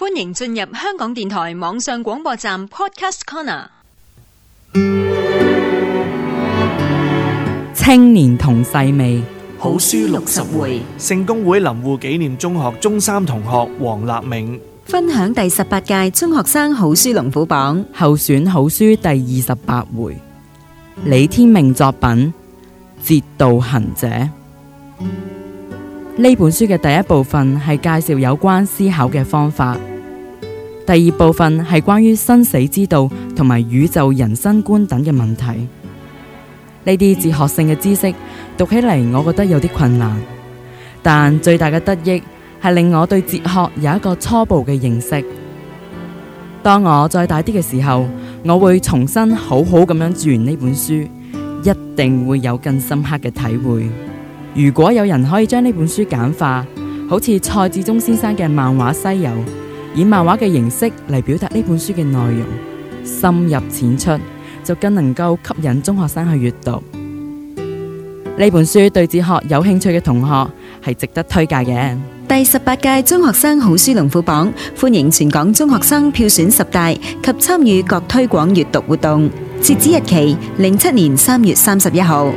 歡迎進入香港電台網上廣播站 Podcast Corner。青年同細味好書六十回，聖公會林護紀念中學中三同學王立銘分享第十八屆中學生好書龍虎榜候選好書第二十八回李天命作品《哲道行者》。呢本書嘅第一部分係介紹有關思考嘅方法，第二部分係關於生死之道同埋宇宙人生觀等嘅問題。呢啲哲學性嘅知識讀起嚟，我覺得有啲困難，但最大嘅得益係令我對哲學有一個初步嘅認識。當我再大啲嘅時候，我會重新好好咁樣讀完呢本書，一定會有更深刻嘅體會。如果有人可以將呢本書簡化，好似蔡志忠先生嘅漫畫《西遊》，以漫畫嘅形式嚟表達呢本書嘅內容，深入淺出，就更能夠吸引中學生去閱讀。呢本書對哲學有興趣嘅同學係值得推介嘅。第十八屆中學生好書龍虎榜，歡迎全港中學生票選十大及參與各推廣閱讀活動，截止日期零七年三月三十一號。